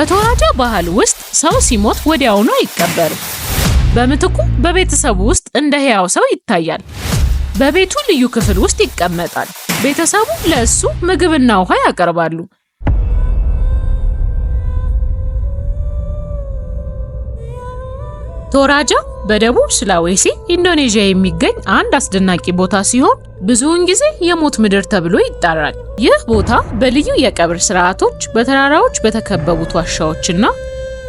በተወራጃ ባህል ውስጥ ሰው ሲሞት ወዲያውኑ አይቀበርም። በምትኩ በቤተሰቡ ውስጥ እንደ ሕያው ሰው ይታያል። በቤቱ ልዩ ክፍል ውስጥ ይቀመጣል። ቤተሰቡ ለእሱ ምግብና ውሃ ያቀርባሉ። ቶራጃ በደቡብ ስላዌሲ ኢንዶኔዥያ የሚገኝ አንድ አስደናቂ ቦታ ሲሆን ብዙውን ጊዜ የሞት ምድር ተብሎ ይጠራል። ይህ ቦታ በልዩ የቀብር ስርዓቶች፣ በተራራዎች በተከበቡት ዋሻዎችና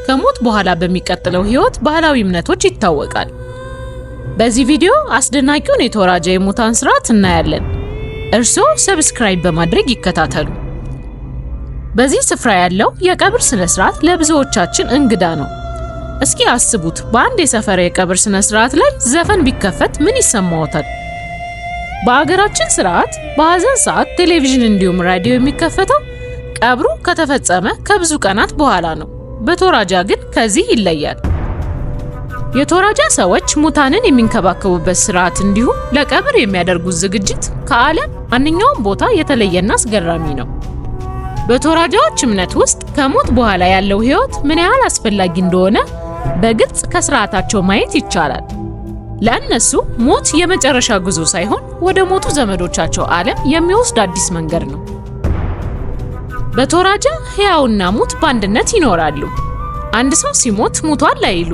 ከሞት በኋላ በሚቀጥለው ህይወት ባህላዊ እምነቶች ይታወቃል። በዚህ ቪዲዮ አስደናቂውን የቶራጃ የሙታን ስርዓት እናያለን። እርስዎ ሰብስክራይብ በማድረግ ይከታተሉ። በዚህ ስፍራ ያለው የቀብር ስነ ስርዓት ለብዙዎቻችን እንግዳ ነው። እስኪ አስቡት በአንድ የሰፈር የቀብር ስነ ስርዓት ላይ ዘፈን ቢከፈት ምን ይሰማዎታል? በአገራችን ስርዓት በሐዘን ሰዓት ቴሌቪዥን እንዲሁም ራዲዮ የሚከፈተው ቀብሩ ከተፈጸመ ከብዙ ቀናት በኋላ ነው። በቶራጃ ግን ከዚህ ይለያል። የቶራጃ ሰዎች ሙታንን የሚንከባከቡበት ስርዓት እንዲሁም ለቀብር የሚያደርጉት ዝግጅት ከዓለም ማንኛውም ቦታ የተለየና አስገራሚ ነው። በቶራጃዎች እምነት ውስጥ ከሞት በኋላ ያለው ሕይወት ምን ያህል አስፈላጊ እንደሆነ በግልጽ ከስርዓታቸው ማየት ይቻላል። ለእነሱ ሞት የመጨረሻ ጉዞ ሳይሆን ወደ ሞቱ ዘመዶቻቸው ዓለም የሚወስድ አዲስ መንገድ ነው። በቶራጃ ሕያውና ሙት በአንድነት ይኖራሉ። አንድ ሰው ሲሞት ሙቷል አይሉ፣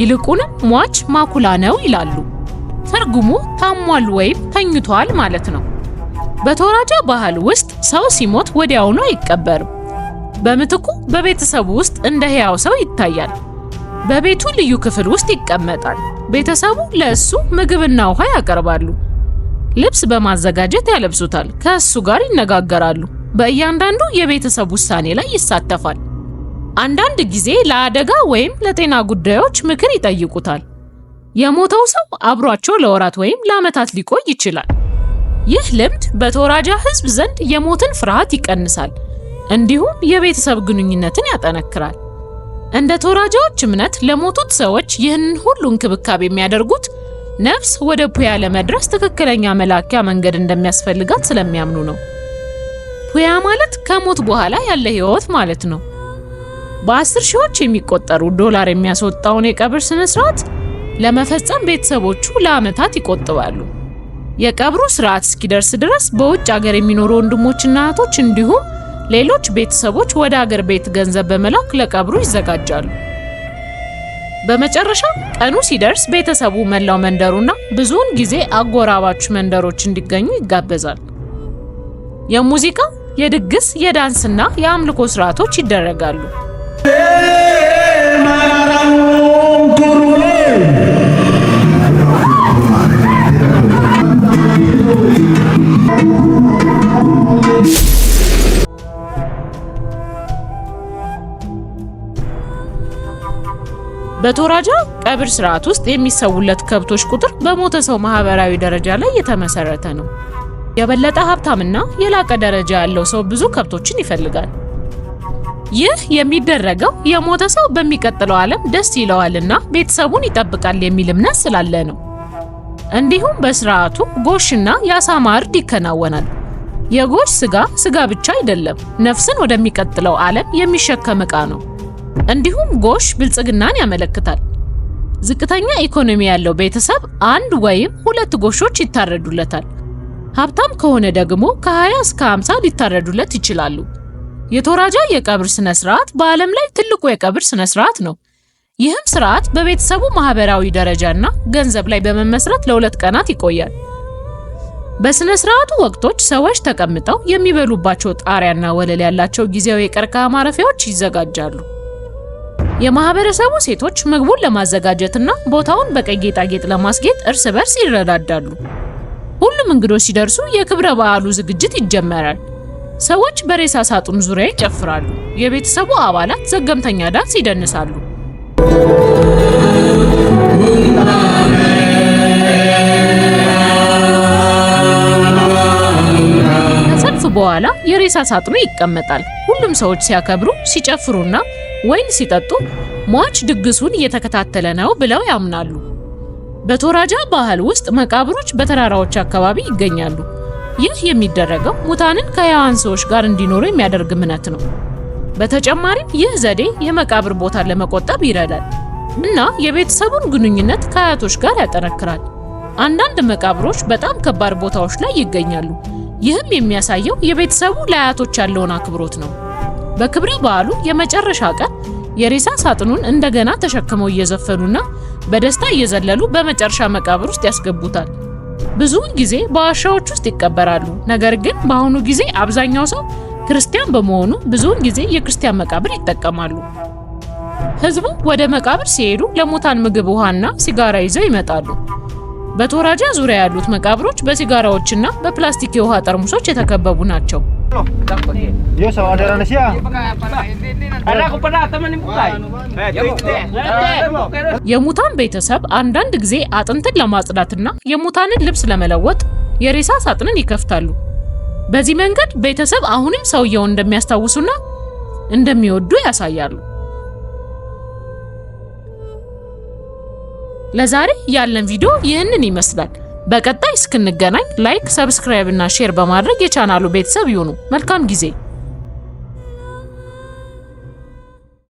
ይልቁንም ሟች ማኩላ ነው ይላሉ። ትርጉሙ ታሟል ወይም ተኝቷል ማለት ነው። በቶራጃ ባህል ውስጥ ሰው ሲሞት ወዲያውኑ አይቀበርም። በምትኩ በቤተሰቡ ውስጥ እንደ ሕያው ሰው ይታያል። በቤቱ ልዩ ክፍል ውስጥ ይቀመጣል። ቤተሰቡ ለእሱ ምግብና ውሃ ያቀርባሉ። ልብስ በማዘጋጀት ያለብሱታል። ከእሱ ጋር ይነጋገራሉ። በእያንዳንዱ የቤተሰብ ውሳኔ ላይ ይሳተፋል። አንዳንድ ጊዜ ለአደጋ ወይም ለጤና ጉዳዮች ምክር ይጠይቁታል። የሞተው ሰው አብሯቸው ለወራት ወይም ለዓመታት ሊቆይ ይችላል። ይህ ልምድ በተወራጃ ሕዝብ ዘንድ የሞትን ፍርሃት ይቀንሳል፣ እንዲሁም የቤተሰብ ግንኙነትን ያጠነክራል። እንደ ተወራጃዎች እምነት ለሞቱት ሰዎች ይህንን ሁሉ እንክብካቤ የሚያደርጉት ነፍስ ወደ ፑያ ለመድረስ ትክክለኛ መላኪያ መንገድ እንደሚያስፈልጋት ስለሚያምኑ ነው። ፑያ ማለት ከሞት በኋላ ያለ ህይወት ማለት ነው። በአስር ሺዎች የሚቆጠሩ ዶላር የሚያስወጣውን የቀብር ስነ ስርዓት ለመፈጸም ቤተሰቦቹ ለአመታት ይቆጥባሉ። የቀብሩ ስርዓት እስኪደርስ ድረስ በውጭ ሀገር የሚኖሩ ወንድሞችና እህቶች እንዲሁም ሌሎች ቤተሰቦች ወደ አገር ቤት ገንዘብ በመላክ ለቀብሩ ይዘጋጃሉ። በመጨረሻ ቀኑ ሲደርስ ቤተሰቡ መላው መንደሩና ብዙውን ጊዜ አጎራባች መንደሮች እንዲገኙ ይጋበዛል። የሙዚቃ፣ የድግስ፣ የዳንስና የአምልኮ ስርዓቶች ይደረጋሉ። በቶራጃ ቀብር ስርዓት ውስጥ የሚሰውለት ከብቶች ቁጥር በሞተ ሰው ማህበራዊ ደረጃ ላይ የተመሰረተ ነው። የበለጠ ሀብታምና የላቀ ደረጃ ያለው ሰው ብዙ ከብቶችን ይፈልጋል። ይህ የሚደረገው የሞተ ሰው በሚቀጥለው ዓለም ደስ ይለዋልና ቤተሰቡን ይጠብቃል የሚል እምነት ስላለ ነው። እንዲሁም በስርዓቱ ጎሽና የአሳ ማርድ ይከናወናል። የጎሽ ስጋ ስጋ ብቻ አይደለም፣ ነፍስን ወደሚቀጥለው ዓለም የሚሸከም ዕቃ ነው። እንዲሁም ጎሽ ብልጽግናን ያመለክታል። ዝቅተኛ ኢኮኖሚ ያለው ቤተሰብ አንድ ወይም ሁለት ጎሾች ይታረዱለታል። ሀብታም ከሆነ ደግሞ ከ20 እስከ 50 ሊታረዱለት ይችላሉ። የቶራጃ የቀብር ስነ ስርዓት በዓለም ላይ ትልቁ የቀብር ስነ ስርዓት ነው። ይህም ስርዓት በቤተሰቡ ማህበራዊ ደረጃና ገንዘብ ላይ በመመስረት ለሁለት ቀናት ይቆያል። በስነ ስርዓቱ ወቅቶች ሰዎች ተቀምጠው የሚበሉባቸው ጣሪያና ወለል ያላቸው ጊዜያዊ የቀርከሃ ማረፊያዎች ይዘጋጃሉ። የማህበረሰቡ ሴቶች ምግቡን ለማዘጋጀትና ቦታውን በቀይ ጌጣጌጥ ለማስጌጥ እርስ በርስ ይረዳዳሉ። ሁሉም እንግዶች ሲደርሱ የክብረ በዓሉ ዝግጅት ይጀመራል። ሰዎች በሬሳ ሳጥን ዙሪያ ይጨፍራሉ። የቤተሰቡ አባላት ዘገምተኛ ዳንስ ይደንሳሉ። በኋላ የሬሳ ሳጥኑ ይቀመጣል። ሁሉም ሰዎች ሲያከብሩ፣ ሲጨፍሩና ወይን ሲጠጡ ሟች ድግሱን እየተከታተለ ነው ብለው ያምናሉ። በቶራጃ ባህል ውስጥ መቃብሮች በተራራዎች አካባቢ ይገኛሉ። ይህ የሚደረገው ሙታንን ከሕያዋን ሰዎች ጋር እንዲኖሩ የሚያደርግ እምነት ነው። በተጨማሪም ይህ ዘዴ የመቃብር ቦታን ለመቆጠብ ይረዳል እና የቤተሰቡን ግንኙነት ከአያቶች ጋር ያጠነክራል። አንዳንድ መቃብሮች በጣም ከባድ ቦታዎች ላይ ይገኛሉ። ይህም የሚያሳየው የቤተሰቡ ለአያቶች ያለውን አክብሮት ነው። በክብረ በዓሉ የመጨረሻ ቀን የሬሳ ሳጥኑን እንደገና ተሸክመው እየዘፈኑና በደስታ እየዘለሉ በመጨረሻ መቃብር ውስጥ ያስገቡታል። ብዙውን ጊዜ በዋሻዎች ውስጥ ይቀበራሉ። ነገር ግን በአሁኑ ጊዜ አብዛኛው ሰው ክርስቲያን በመሆኑ ብዙውን ጊዜ የክርስቲያን መቃብር ይጠቀማሉ። ህዝቡ ወደ መቃብር ሲሄዱ ለሙታን ምግብ ውሃና ሲጋራ ይዘው ይመጣሉ። በቶራጃ ዙሪያ ያሉት መቃብሮች በሲጋራዎችና በፕላስቲክ የውሃ ጠርሙሶች የተከበቡ ናቸው። የሙታን ቤተሰብ አንዳንድ ጊዜ አጥንትን ለማጽዳትና የሙታንን ልብስ ለመለወጥ የሬሳ ሳጥንን ይከፍታሉ። በዚህ መንገድ ቤተሰብ አሁንም ሰውየውን እንደሚያስታውሱና እንደሚወዱ ያሳያሉ። ለዛሬ ያለን ቪዲዮ ይህንን ይመስላል። በቀጣይ እስክንገናኝ ላይክ፣ ሰብስክራይብ እና ሼር በማድረግ የቻናሉ ቤተሰብ ይሁኑ። መልካም ጊዜ